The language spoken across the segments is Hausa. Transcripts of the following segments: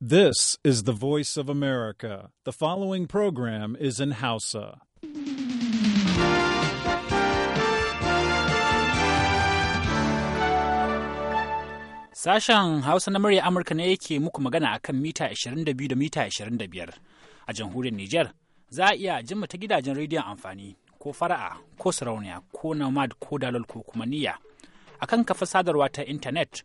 This is the voice of America. The following program is in Hausa. Sashen Hausa na murya Amurka ne yake muku magana a kan mita 22 da mita 25 a jamhuriyar Nijar. Za a iya jin ta gidajen rediyon amfani ko fara'a ko sarauniya ko nomad ko dalol ko kuma niyya. A kan kafa sadarwa ta intanet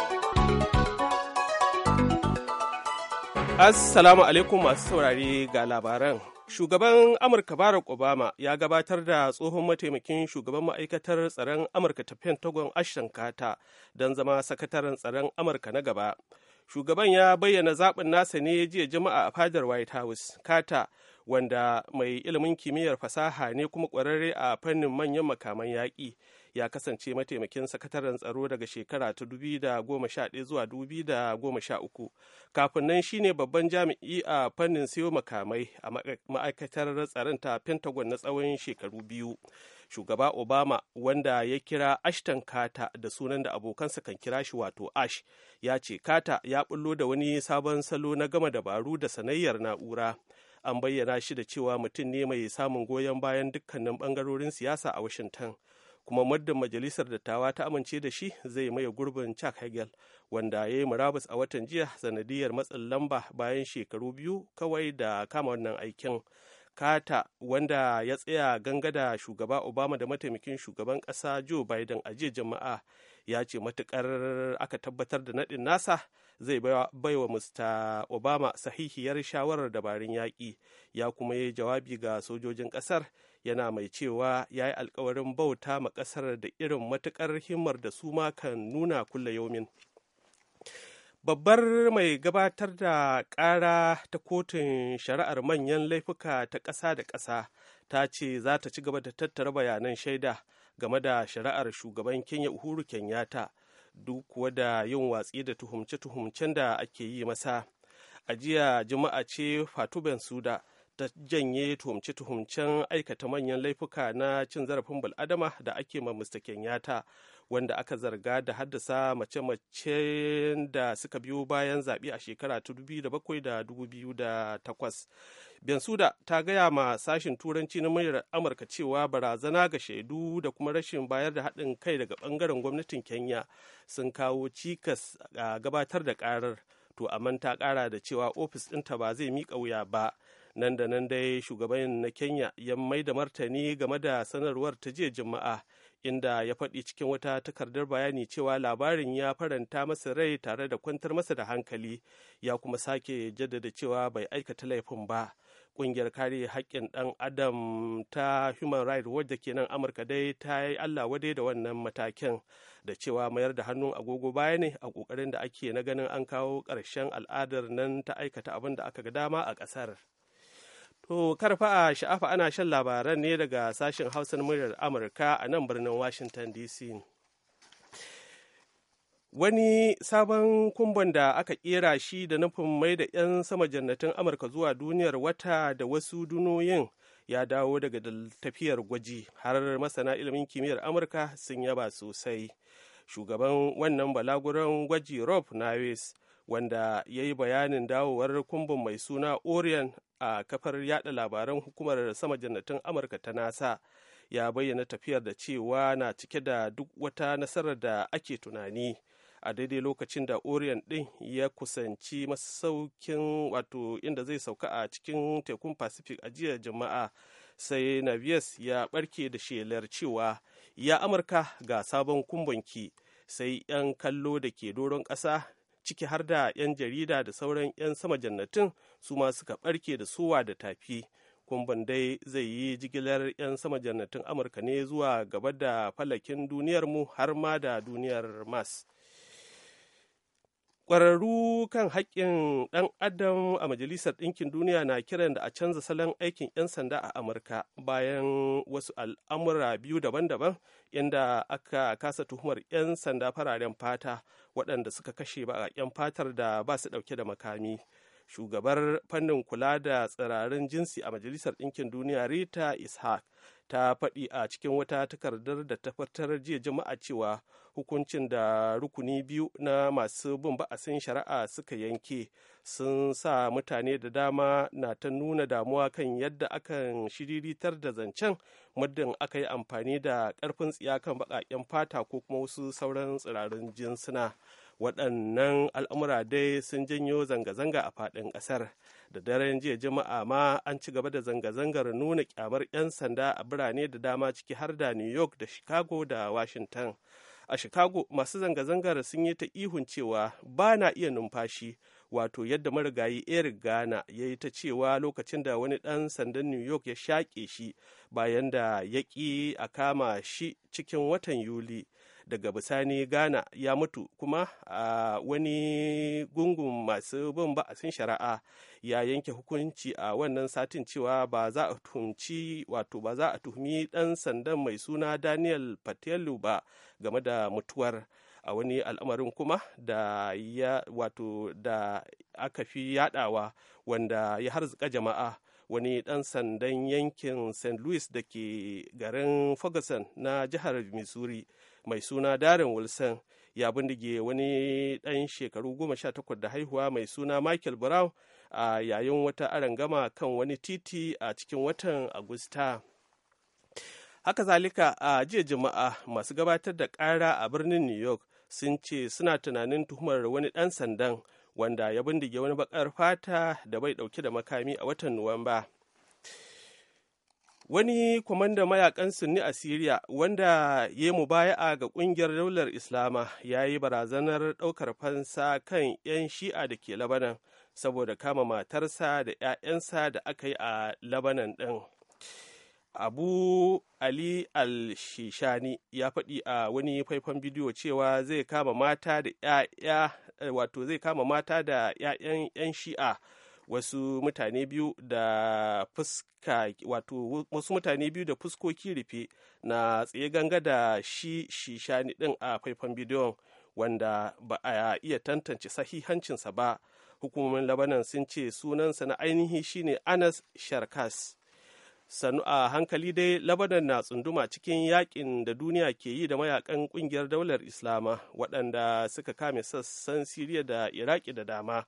Assalamu alaikum masu saurare ga labaran. Shugaban Amurka Barack Obama ya gabatar da tsohon mataimakin shugaban ma'aikatar tsaron Amurka ta Pentagon Ashton kata don zama sakataren tsaron Amurka na gaba. Shugaban ya bayyana zaɓin nasa ne jiya jama'a a fadar White House. kata wanda mai ilimin kimiyyar fasaha ne kuma ƙwararre a fannin manyan makaman yaƙi, ya kasance mataimakin sakataren tsaro daga shekara ta 2011 zuwa 2013 kafin nan shi ne babban jami'i a fannin siyo makamai a ma'aikatar tsaron ta pentagon na tsawon shekaru biyu shugaba obama wanda ya kira ashton kata da sunan da abokansa kan kira shi wato ash ya ce kata ya bullo da wani sabon salo na gama dabaru da sanayyar na'ura an bayyana shi da cewa mutum ne mai samun goyon bayan dukkanin bangarorin siyasa a washington kuma muddin majalisar dattawa ta amince da shi zai maye gurbin Chuck Hagel wanda ya yi murabus a watan jiya sanadiyar matsin lamba bayan shekaru biyu kawai da kama wannan aikin. Kata wanda ya tsaya gangada shugaba Obama da mataimakin shugaban kasa Joe Biden a jiya jama'a ya ce matukar aka tabbatar da naɗin nasa zai baiwa Mr. Obama sahihiyar shawarar dabarun yaƙi ya kuma yi jawabi ga sojojin ƙasar yana mai cewa ya yi alkawarin bauta ma ƙasar da irin matukar himmar da su ma kan nuna kula yaumin babbar mai gabatar da ƙara ta kotun shari'ar manyan laifuka ta ƙasa da ƙasa ta ce za ta ci gaba da tattara bayanan shaida game da shari'ar shugaban kenya uhuru kenyatta duk kuwa da yin watsi da tuhumce-tuhumcen da ake yi masa a jiya juma'a ce fatu Suda. ta janye tuhumce-tuhumcen aikata manyan laifuka na cin zarafin bul'adama da ake ma Mr. Kenyatta wanda aka zarga da haddasa mace-mace da suka biyo bayan zaɓe a shekara ta 2007 da 2008. Bensuda ta gaya ma sashin turanci na muryar Amurka cewa barazana ga shaidu da kuma rashin bayar da haɗin kai daga ɓangaren gwamnatin Kenya sun kawo cikas a gabatar da ƙarar. to amma ta ƙara da cewa ofis ɗinta ba zai miƙa wuya ba nan da nan dai shugaban na kenya ya mai da martani game da sanarwar ta jiya juma'a inda ya faɗi cikin wata takardar bayani cewa labarin ya faranta masa rai tare da kwantar masa da hankali ya kuma sake jaddada cewa bai aikata laifin ba ƙungiyar kare haƙƙin ɗan adam ta human rights watch da ke nan amurka dai ta yi allah wadai da wannan matakin da cewa mayar da hannun agogo baya ne a ƙoƙarin da ake na ganin an kawo ƙarshen al'adar nan ta aikata abin da aka ga dama a ƙasar. To karfa a sha'afa ana shan labaran ne daga sashen hausan muryar Amurka a nan birnin Washington DC. Wani sabon kumban da aka kera shi da nufin mai da 'yan sama jannatin Amurka zuwa duniyar wata da wasu dunoyin ya dawo daga tafiyar gwaji har masana ilimin kimiyyar Amurka sun yaba sosai. Shugaban wannan balaguran gwaji Rob Navis wanda ya yi bayanin dawowar kumbin mai suna orion a kafar yada labaran hukumar sama jannatin amurka ta nasa ya bayyana tafiyar da cewa na cike da duk wata nasarar da ake tunani a daidai lokacin da orion din ya kusanci masaukin wato inda zai sauka a cikin tekun pacific a jiya jama'a sai navies ya barke da shelar cewa ya amurka ga sabon kumbanki sai 'yan kallo da ke doron ƙasa ciki har da 'yan jarida da sauran 'yan sama jannatin su ma suka barke da suwa da tafi kumban dai zai yi jigilar 'yan sama jannatin amurka ne zuwa gaba da falakin duniyarmu har ma da duniyar mas. kwararru kan haƙƙin ɗan adam a majalisar ɗinkin duniya na kiran da a canza salon aikin 'yan sanda a amurka bayan wasu al'amura biyu daban-daban inda aka kasa tuhumar 'yan sanda fararen fata waɗanda suka kashe ba 'yan fatar da ba su ɗauke da makami shugabar fannin kula da tsirarin jinsi a majalisar ɗinkin duniya rita ishaq ta faɗi a cikin wata takardar da ta fitar jiya jama'a cewa hukuncin da rukuni biyu na masu bin ba'asin shari'a suka yanke sun sa mutane da dama na ta nuna damuwa kan yadda akan shiriritar da zancen muddin aka yi amfani da ƙarfin tsiya kan baƙaƙen fata ko kuma wasu sauran tsirarin jinsuna. waɗannan al'amura dai sun janyo zanga-zanga a faɗin ƙasar da daren jiya juma'a ma an ci gaba da zanga-zangar nuna kyamar 'yan sanda a birane da dama ciki har da new york da chicago da washington a chicago masu zanga-zangar sun yi ta ihun cewa ba na iya numfashi wato yadda marigayi eric gana ya yi ta cewa lokacin da wani ɗan sandan new york ya shaƙe shi bayan da ya ƙi a kama shi cikin watan yuli daga bisani ghana ya mutu kuma a wani gungun masu bin ba'asin shari'a ya yanke hukunci a wannan satin cewa ba za a tuhumci wato ba za a tuhumi dan sandan mai suna daniel patelu ba game da mutuwar a wani al'amarin kuma da ya wato da aka fi yadawa wanda ya harzika jama'a wani ɗan sandan yankin st louis da ke garin ferguson na jihar missouri mai suna darren wilson ya bindige wani ɗan shekaru goma sha takwas da haihuwa mai suna michael brown a yayin wata arangama kan wani titi a cikin watan agusta haka zalika a jiya juma'a masu gabatar da kara a birnin new york sun ce suna tunanin tuhumar wani ɗan sandan wanda ya bindige wani bakar fata da bai ɗauke da makami a watan nuwamba wani kwamandan mayakan sunni a siriya wanda ya yi mubaya'a ga kungiyar daular islama ya yi barazanar daukar fansa kan 'yan shi'a da ke labanan saboda kama matarsa da 'ya'yansa da aka yi a labanan ɗin abu ali al-shishani ya faɗi a wani faifan bidiyo cewa zai kama mata da 'ya'ya Eh, wato zai kama mata da 'ya'yan 'yan shi'a wasu mutane biyu da fuska wato wasu mutane biyu da fuskoki rufe na tsaye ganga da shi shishani din a faifan bidiyon wanda ba a iya tantance sahihancinsa ba hukumomin labanan sun ce sunansa na ainihi shine anas sharkas sannu a hankali dai labanan na tsunduma cikin yakin da duniya ke yi da mayakan kungiyar daular islama waɗanda suka kame sassan siriya da iraki da dama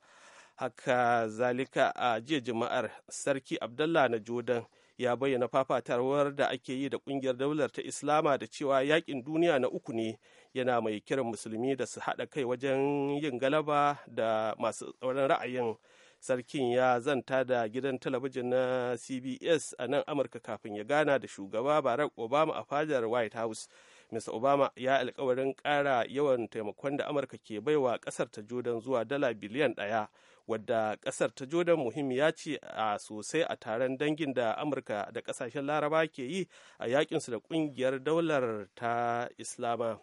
haka zalika a jiya juma'ar sarki abdallah na jordan ya bayyana fafatawar da ake yi da kungiyar daular ta islama da cewa yakin duniya na uku ne yana mai kiran musulmi da su haɗa kai wajen yin galaba da masu tsoron ra'ayin sarkin ya zanta da gidan talabijin na cbs a nan amurka kafin ya gana da shugaba barack obama a fadar white house mr obama ya alkawarin kara yawan taimakon da amurka ke baiwa kasar ta jordan zuwa dala biliyan daya wadda kasar ta jordan muhimmiya ce a sosai a taron dangin da amurka da kasashen laraba ke yi a yakinsu da kungiyar daular ta islama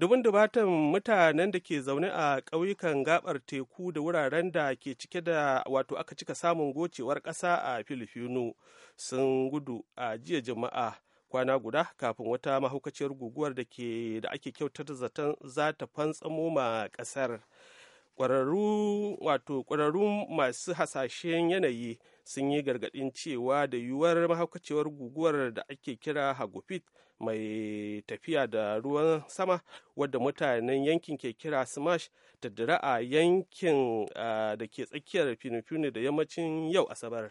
dubin dubatan mutanen da ke zaune a ƙauyukan gabar teku da wuraren da ke cike da wato aka cika samun gocewar ƙasa a filifino sun gudu a jiya jama'a kwana guda kafin wata mahaukaciyar guguwar da ke da ake kyautar zaton za ta fantsamo ma ƙasar ƙwararru masu hasashen yanayi sun yi gargaɗin cewa da yiwuwar mahaukacewar guguwar da ake kira hagufit mai tafiya da ruwan sama wadda mutanen yankin ke kira smash ta dira a yankin da ke tsakiyar fini da yammacin yau asabar.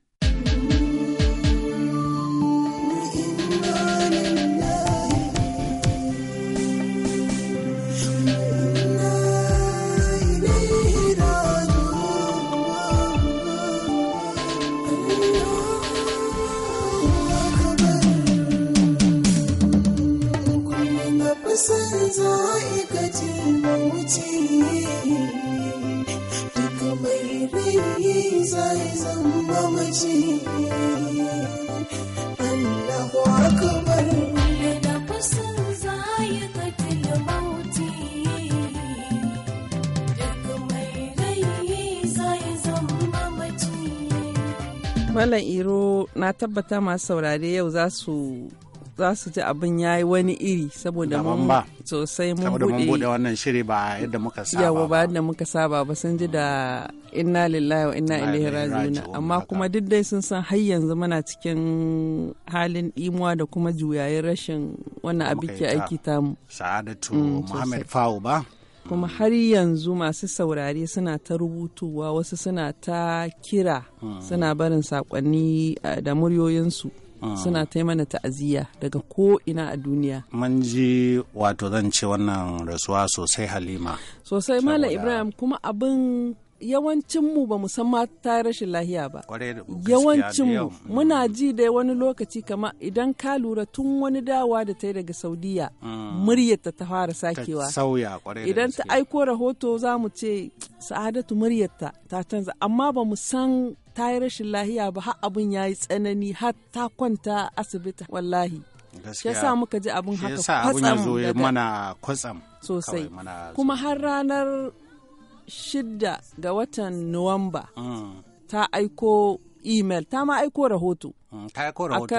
ce duka mai rai zai zama mace Allahu akbar da kusan zai katil mauti Malam Iro na tabbata masu saurare yau za su za su ji abin ya yi wani iri saboda mun sosai mun bude wannan shiri ba yadda muka saba yawa ba yadda muka saba ba sun ji da inna lillahi wa inna ilaihi raji'un amma kuma duk dai sun san har yanzu muna cikin halin imuwa da kuma juyayin rashin wannan abin ke aiki tamu sa'adatu mm, muhammad fawo ba kuma har yanzu masu saurare suna ta rubutuwa wasu suna ta kira mm. suna barin sakonni eh, da muryoyinsu suna ah. ta mana ta'aziyya daga ko ina a duniya Man ji wato zan ce wannan rasuwa sosai halima sosai Mala ibrahim kuma abin yawancinmu ba musamman ta ta rashin lahiya ba yawancinmu mm. muna ji da wani lokaci kama idan ka lura tun wani dawa da ta yi daga saudiya mm. muryarta ta fara sakewa idan ta aiko rahoto za mu ce sa'adatu muryarta ta canza amma ba mu san ta yi rashin lahiya ba har abin ya yi tsanani har ta kwanta asibiti wallahi ya sa muka ji abin haka kwatsam mana kwatsam sosai kuma har ranar shidda ga watan nuwamba mm. ta aiko email ta ma aiko rahoto mm, ta aiko rahoto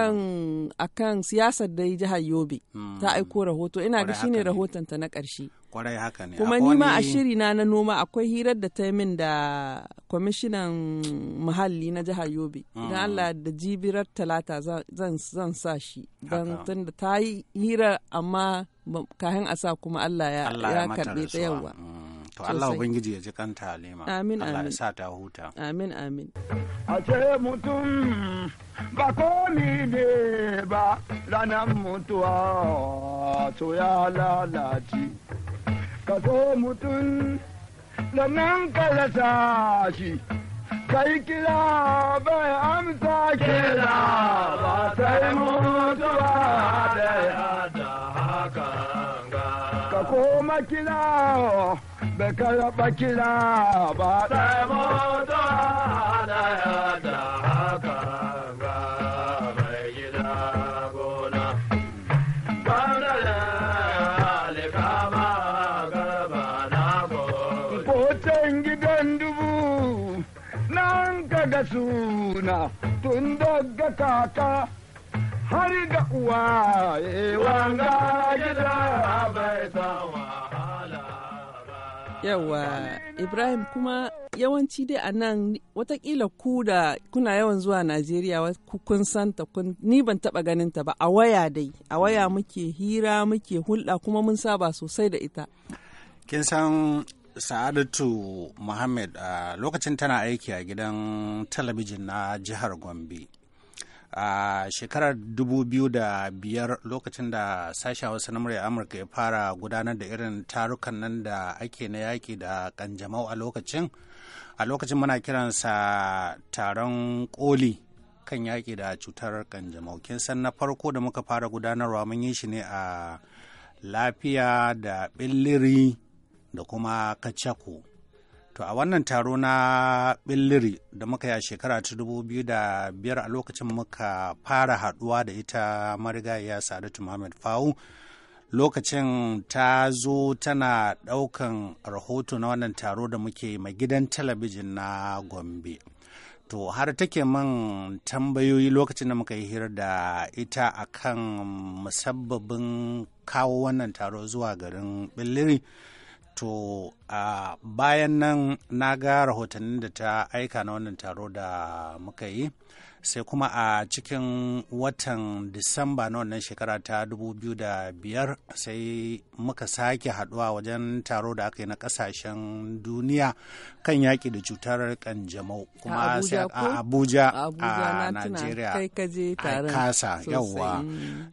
akan siyasar da jihar yobe mm. ta aiko rahoto ina ga shine rahoton ta na ƙarshe kwarai haka ne kuma nima a shiri na na noma akwai hirar da ta min da kwamishinan muhalli na jihar yobe idan mm. allah da jibirar talata zan sa shi don tunda ta yi hira amma kahin a sa kuma allah ya karbe ta yawa mm. to allah ubangiji ya ji kanta halima amin allah ya sa ta huta amin amin a ce mutum ba komi ne ba ranar mutuwa to ya lalace ka so mutum nan ka rasa shi kai kira bai amsa kira ba sai mutuwa da yada haka ka koma kira bai karaba kira ba sai mutuwa da yada haka zuna tun daga kaka har ga uwa wanga gida bai Yawa Ibrahim kuma yawanci dai a nan watakila ku da kuna yawan zuwa Najeriya kun santa kun ni ban taba ganin ta ba a waya dai a waya muke hira muke hulɗa kuma mun saba sosai da ita. Kin san Sa'adatu Muhammad a lokacin tana aiki a gidan talabijin na jihar Gombe. A shekarar da biyar lokacin da sashen wasu na murya Amurka ya fara gudanar da irin tarukan nan da ake na yaƙi da ƙanjamau a lokacin, a lokacin muna kiransa taron koli kan yaƙi da cutar ƙanjamau Kin san na farko da muka fara gudanarwa mun yi shi ne a lafiya da ɓilliri da kuma kachaku to a wannan taro na billiri da muka yi a shekara ta dubu biyu da biyar a lokacin muka fara haduwa da ita marigayya sadatu muhammad fawu lokacin ta zo tana ɗaukan rahoto na wannan taro da muke mai gidan talabijin na gombe to har take man tambayoyi lokacin da muka yi hira da ita akan musabbabin kawo wannan taro zuwa garin billiri to a bayan nan na ga rahotannin da ta aika na wannan taro da muka yi sai kuma a cikin watan disamba na wannan shekara ta 2005 sai muka sake haduwa wajen taro da aka yi na kasashen duniya kan yaƙi da cutar kanjamau kuma sai a abuja a nigeria a kasa yauwa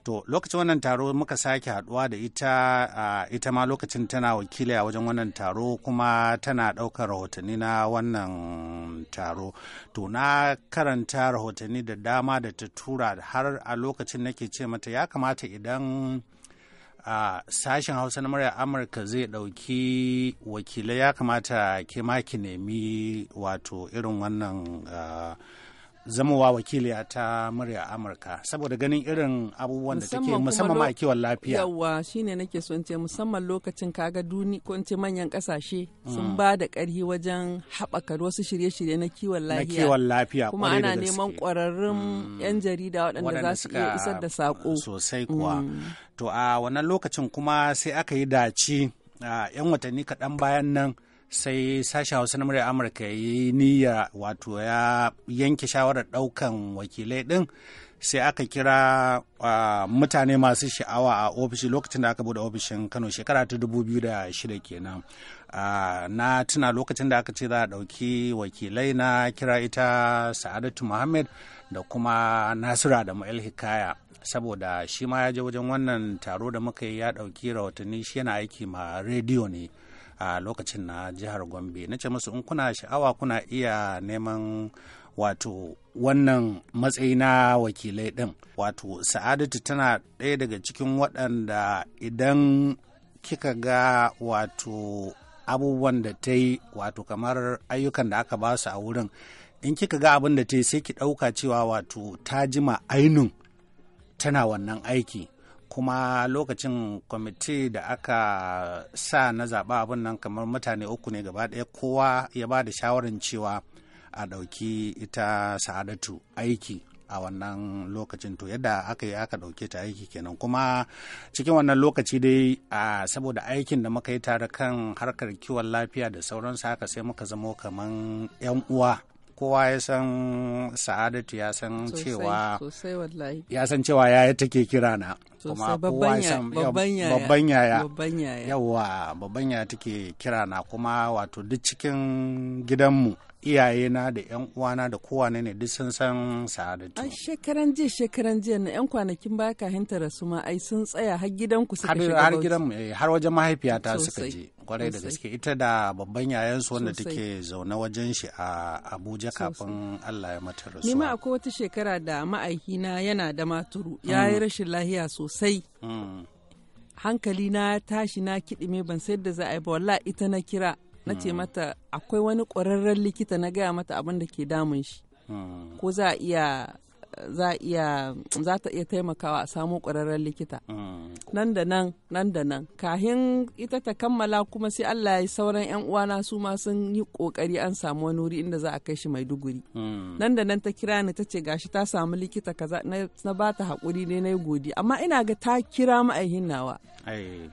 to lokacin wannan taro muka sake haduwa da ita ita ma lokacin tana wakili a wajen wannan taro kuma tana ɗaukar rahotanni na wannan taro to na karanta rahotanni rahotanni da dama da ta tura har a lokacin nake ce mata ya kamata idan a sashen hausa na murya amurka zai ɗauki wakilai ya kamata ke ma ki nemi wato irin wannan zamowa wakiliya ta murya amurka saboda ganin irin abubuwan da take musamman ma kiwon lafiya yawa shine nake son ce musamman lokacin kaga duni ko ce manyan kasashe mm. sun ba da karhi wajen haɓaka wasu shirye-shirye na kiwon lafiya lafiya kuma ana neman ƙwararrun yan mm. jarida waɗanda za su iya isar da saƙo sosai kuwa mm. to a wannan lokacin kuma sai aka yi dace yan watanni kaɗan bayan nan sai sashen hausa na murya amurka ya yi niyya wato ya yanke shawarar ɗaukan wakilai din sai aka kira mutane masu sha'awa a ofishi lokacin da aka bude ofishin kano shekara ta dubu biyu da 2006 kenan na tuna lokacin da aka ce za a ɗauki wakilai na kira ita sa'adatu muhammad da kuma nasira da ma'il hikaya saboda shi ma ya je wajen wannan taro da muka yi ya ɗauki rahotanni shi yana aiki ma rediyo ne a lokacin na jihar gombe na ce musu in kuna sha'awa kuna iya neman wato wannan matsayi na wakilai ɗin wato sa'adatu tana ɗaya daga cikin waɗanda idan kika ga wato abubuwan da ta yi wato kamar ayyukan da aka ba su a wurin in kika ga abin da ta yi sai ki ɗauka cewa wato ta jima ainun tana wannan aiki kuma lokacin kwamiti da aka sa na zaɓa abin nan kamar mutane uku ne gaba ɗaya kowa ya ba da shawarin cewa a ɗauki ita sa'adatu aiki a wannan lokacin to yadda aka yi aka ɗauke ta aiki kenan kuma cikin wannan lokaci dai a saboda aikin da muka yi tare kan harkar kiwon lafiya da sauransu haka sai muka zamo kaman 'yan uwa kowa ya san sa'adatu ya san cewa ya san cewa yaya take kira na kuma kowa ya san babban yaya yawa babban yaya take kira na kuma wato duk cikin gidanmu iyayena da yan uwana da kowane ne duk sun san sa'adatu a shekaran jiya shekaran jiya na yan kwanakin baya ka da su ma ai sun tsaya har gidan ku suka shiga har gidan eh, har wajen mahaifiyata suka je kwarai da gaske ita da babban yayan su wanda take zaune wajen shi a Abuja kafin Allah ya mata rasuwa ni ma akwai wata shekara da ma'aikina yana da maturu Ya yi mm. rashin lahiya sosai mm. hankali na tashi na me ban sayar da za a yi ba walla ita na kira na ce mm. mata akwai wani ƙwararren likita na gaya mata abin da ke damun shi mm. ko za a iya za ta iya taimakawa a samo ƙwararren likita mm. nan da nan nan da nan kahin ita ta kammala kuma sai Allah ya sauran yan uwana su ma sun yi kokari an samu wani wuri inda za a kai shi Maiduguri hmm. nan da nan ta kira ni ta ce gashi ta samu likita kaza na ba ta hakuri ne na godi amma ina ga ta kira ma'aihin nawa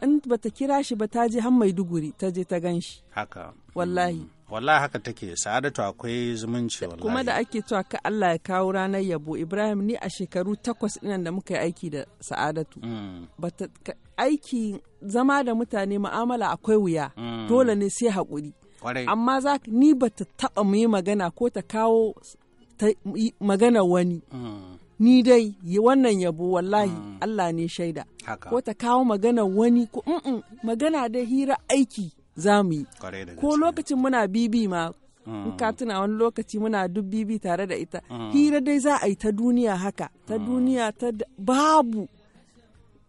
in bata kira shi ba ta je har Maiduguri ta je ta gan shi haka wallahi hmm. wallahi haka take sa'adatu akwai zumunci wallahi kuma da ake cewa ka Allah ya kawo ranar yabo Ibrahim ni a shekaru takwas ɗinan da muka yi aiki da sa'adatu mm. bata aiki zama da mutane mu'amala akwai wuya mm. dole ne sai haƙuri amma za ni bata taɓa mu yi magana ko ta kawo magana wani mm. ni dai wannan yabo wallahi Allah ne shaida ko ta kawo magana wani ko magana da hira aiki za mu yi ko lokacin muna bibi ma in ka mm. tuna wani lokaci muna duk bibi tare da ita mm. hira dai za a yi ta duniya haka ta mm. duniya ta babu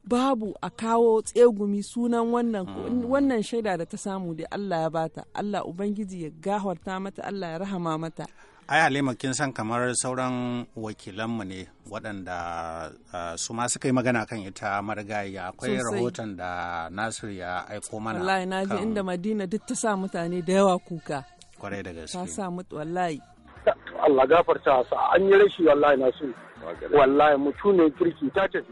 babu a kawo tsegumi sunan wannan wannan shaida da ta samu da Allah ya bata Allah ubangiji ya gahwarta mata Allah ya rahama mata ai halima kin san kamar sauran wakilanmu ne waɗanda ah, su ma suka yi magana kan ita marigayya akwai rahoton da nasir ya aiko mana wallahi na ji inda madina duk ta sa mutane da yawa kuka kwarai da gaske ta sa mutu wallahi Allah gafarta sa an yi rashi wallahi nasiru wallahi mutu ne kirki ta tafi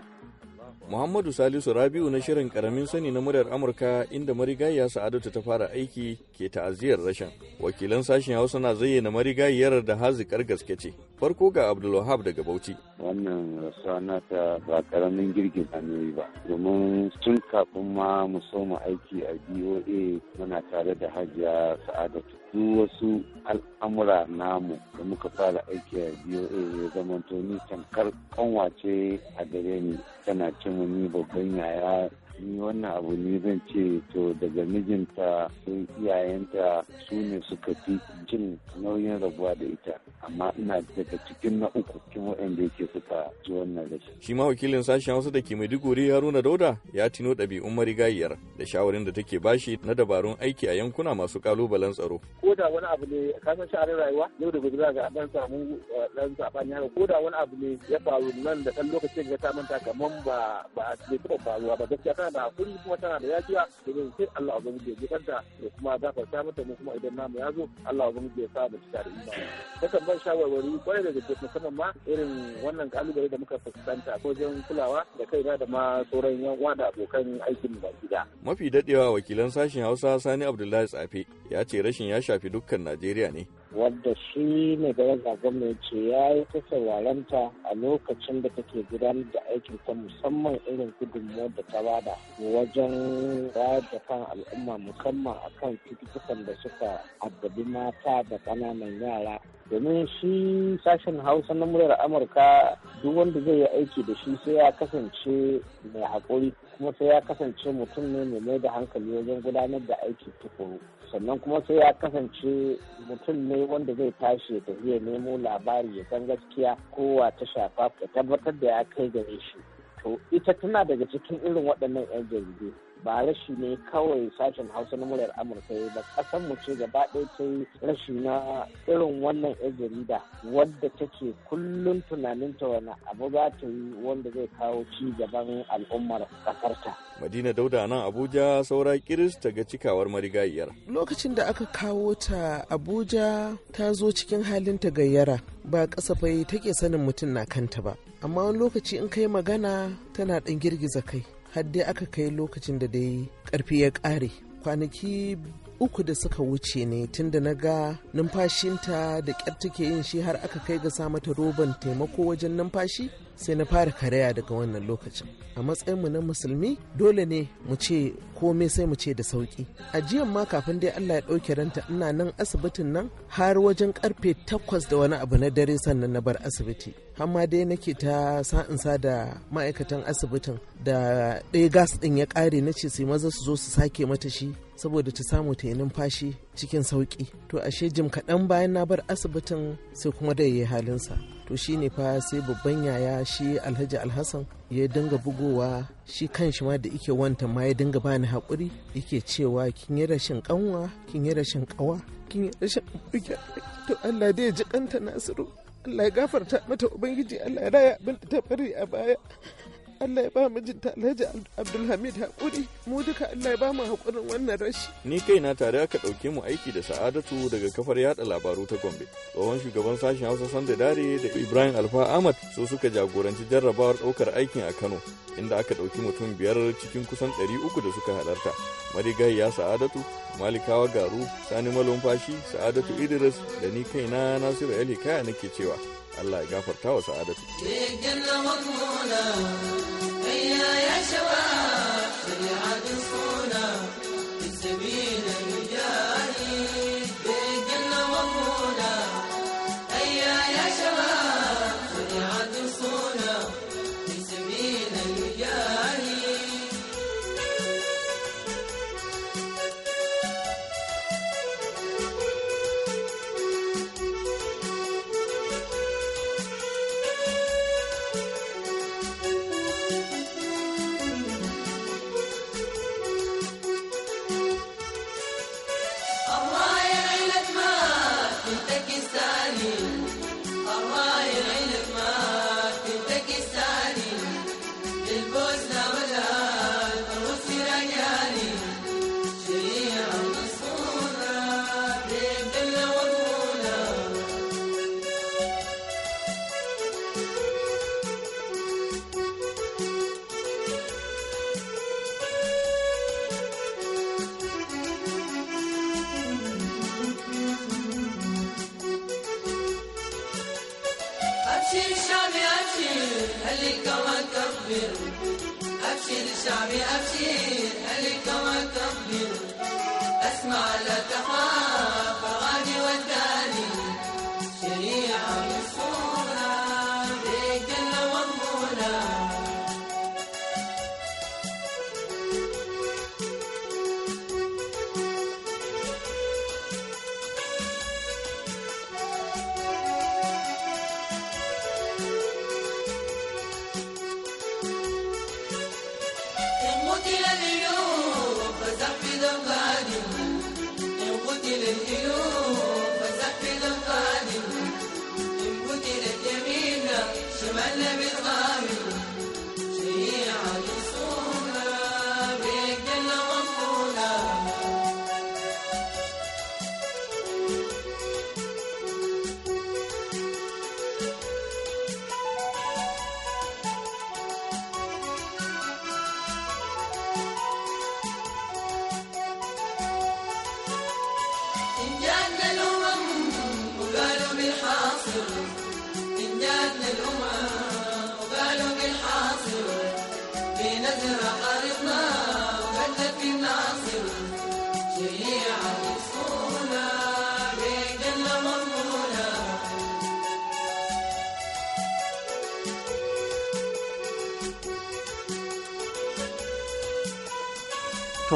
Muhammadu Salisu Rabiu na shirin karamin sani na muryar Amurka inda marigayi ya Sa'adatu ta fara aiki ke ta'aziyar rashin. Wakilan sashen Hausa na zayyana marigayiyar da hazikar gaske ce. Farko ga Abdulwahab daga Bauchi. Wannan rasuwa nata ba karamin girgin hanyoyi ba. Domin tun kafin ma mu soma aiki a BOA muna tare da hajiya Sa'adatu. duk wasu al'amura namu da muka fara aiki a BOA eh, ya zama to ni tamkar kanwace a gare ni tana ce ni babban yaya ni wannan abu ne zan ce to daga mijinta sai iyayenta su ne suka fi jin nauyin rabuwa da ita amma ina daga cikin na uku cikin waɗanda yake suka ji wannan rashi. shi ma wakilin sashen hausa da ke maiduguri haruna dauda ya tino ɗabi'un marigayiyar da shawarin da take bashi na dabarun aiki a yankuna masu kalubalen tsaro. ko da wani abu ne ka san rayuwa yau da gobe za ga ɗan samu eh, ɗan saɓani haka ko da wani abu ne ya faru nan da ɗan lokacin da ta manta kamar ba ba taɓa faruwa ba gaskiya tana da hakuri kuma tana da yafiya domin sai Allah ubangiji ya jikanta da kuma gafarta mata mu kuma idan namu ya zo Allah ubangiji ya sa mu cika da imani kakan ban shawarwari kwarai da gaske musamman ma irin wannan kalubale da muka fuskanta ko wajen kulawa da kai da ma sauran yan uwa da abokan aikin mu baki da mafi dadewa wakilan sashen Hausa Sani Abdullahi Tsafe ya ce rashin ya shafi dukkan Najeriya ne wadda shi ne daraja gwamna ce ya yi ta a lokacin da take gudanar da aikin ta musamman irin gudunmuwar da ta bada wajen bayar da kan al'umma musamman akan cututtukan da suka addabi mata da ƙananan yara domin shi sashen hausa na muryar amurka duk wanda zai yi aiki da shi sai ya kasance mai haƙuri kuma sai ya kasance mutum ne mai mai da hankali wajen gudanar da aiki tukuru sannan kuma sai ya kasance mutum ne wanda zai tashi ya tafiya nemo labari ya san gaskiya kowa ta shafa ya tabbatar da ya kai gare shi to ita tana daga cikin irin waɗannan 'yan jaridu ba rashi ne kawai sashen hausa na muryar amurka ya ba ƙasar mu ce gaba ɗaya ta yi rashi na irin wannan yan jarida wadda take kullum tunanin ta wani abu za ta yi wanda zai kawo ci gaban al'ummar kasarta madina dauda nan abuja saura kiris ta ga cikawar marigayiyar lokacin da aka kawo ta abuja ta zo cikin halin ta gayyara ba kasafai take sanin mutum na kanta ba amma wani lokaci in kai magana tana ɗan girgiza kai har dai aka kai lokacin da dai karfi ya ƙare kwanaki uku da suka wuce ne tun da na ga numfashinta da ƙyar take yin shi har aka kai ga mata roban taimako wajen numfashi sai na fara karaya daga wannan lokacin a matsayinmu na musulmi dole ne mu ce komai sai mu ce da sauki a jiyan ma kafin dai allah ya ɗauke ranta ina nan asibitin nan har wajen karfe takwas da wani abu na dare sannan na bar asibiti hamma dai nake ta sa da ma'aikatan asibitin da ɗaya gas ɗin ya ƙare na ce sai maza su zo su sake mata shi saboda ta samu ta yi numfashi cikin sauki to ashe jim kaɗan bayan na bar asibitin sai kuma da ya halinsa to shi ne fa sai babban yaya shi alhaji alhassan ya dinga bugowa shi kan shi ma da ike wanta ma ya dinga bani haƙuri yake cewa kin yi rashin ƙanwa kin yi rashin ƙawa kin yi rashin to allah dai ji kanta nasiru allah ya gafarta mata ubangiji allah ya raya abin da ta bari a baya Allah ya ba mijinta Alhaji Abdulhamid haƙuri mu duka Allah ya ba mu haƙurin wannan rashi. Ni kaina tare aka ɗauke mu aiki da sa'adatu daga kafar yada labaru ta Gombe. Tsohon shugaban sashen Hausa Sanda Dare da Ibrahim Alfa Ahmad su suka jagoranci jarrabawar ɗaukar aikin a Kano inda aka ɗauki mutum biyar cikin kusan ɗari uku da suka halarta. Marigayya Sa'adatu, Malikawa Garu, Sani Malumfashi, Sa'adatu Idris da ni kaina Nasiru Ali Kaya nake cewa Allah ya gafarta wa sa'adatu. Ya ya shawa, sai ya suna, هلك وكبر أبشر شعبي أبشر هلك وكبر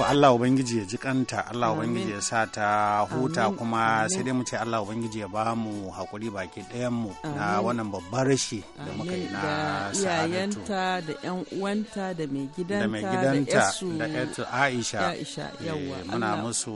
to Allah ubangiji ya ji kanta Allah ubangiji ya sa ta huta kuma sai dai mu ce Allah ubangiji ya ba mu hakuri baki ɗayan mu na wannan babbar rashi da muka yi na sa'adatu da yan uwanta da mai gidanta da mai gidanta da yarsu Aisha eh, muna musu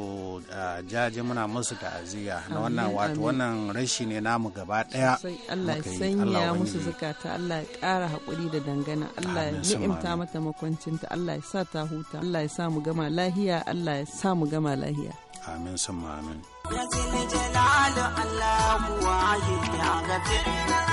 eh, jaje muna musu ta'aziyya na wannan wato wannan rashi ne namu gaba ɗaya Allah ya sanya musu zakata Allah ya ƙara hakuri da dangana Allah ya ni'imta mata makwancinta Allah ya sa ta huta Allah ya sa mu gama lafiya lahiya Allah ya samu gama lahiya amin summa amin ya jalalu Allah muwahi ya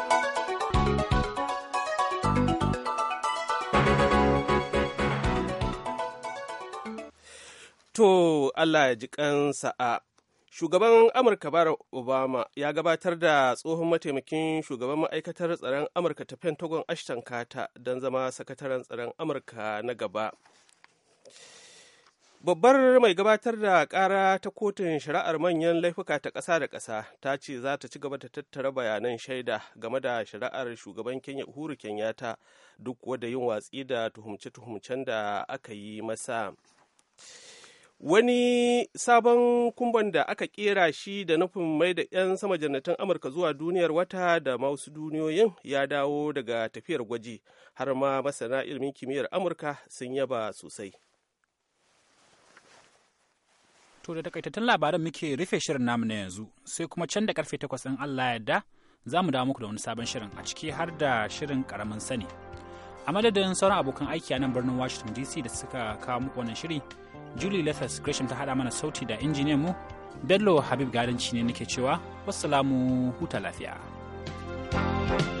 To Allah ya ji kansa a Shugaban Amurka Barack Obama ya gabatar da tsohon mataimakin shugaban ma'aikatar tsaron Amurka ta Pentagon Ashton kata don zama sakataren tsaron Amurka na gaba. Babbar mai gabatar da kara ta kotun shari'ar manyan laifuka ta ƙasa da ƙasa ta ce za ta ci gaba da tattara bayanan shaida game da shari'ar shugaban Kenya Uhuru Kenyatta duk wadda yin watsi da tuhumce-tuhumcen da aka yi masa. wani sabon kumban da aka kera shi da nufin mai da 'yan sama jannatin amurka zuwa duniyar wata da masu duniyoyin ya dawo daga tafiyar gwaji har ma masana ilimin kimiyyar amurka sun yaba sosai to da takaitattun labaran muke rufe shirin namu na yanzu sai kuma can da karfe takwas in allah yadda za mu dawo muku da wani sabon shirin a ciki har da shirin karamin sani a madadin sauran abokan aiki a nan birnin washington dc da suka kawo muku wannan shiri Julie Lethers Gresham ta haɗa mana sauti da injiniyan mu, Bello Habib Gadanci ne nake cewa, wassalamu huta lafiya. thank you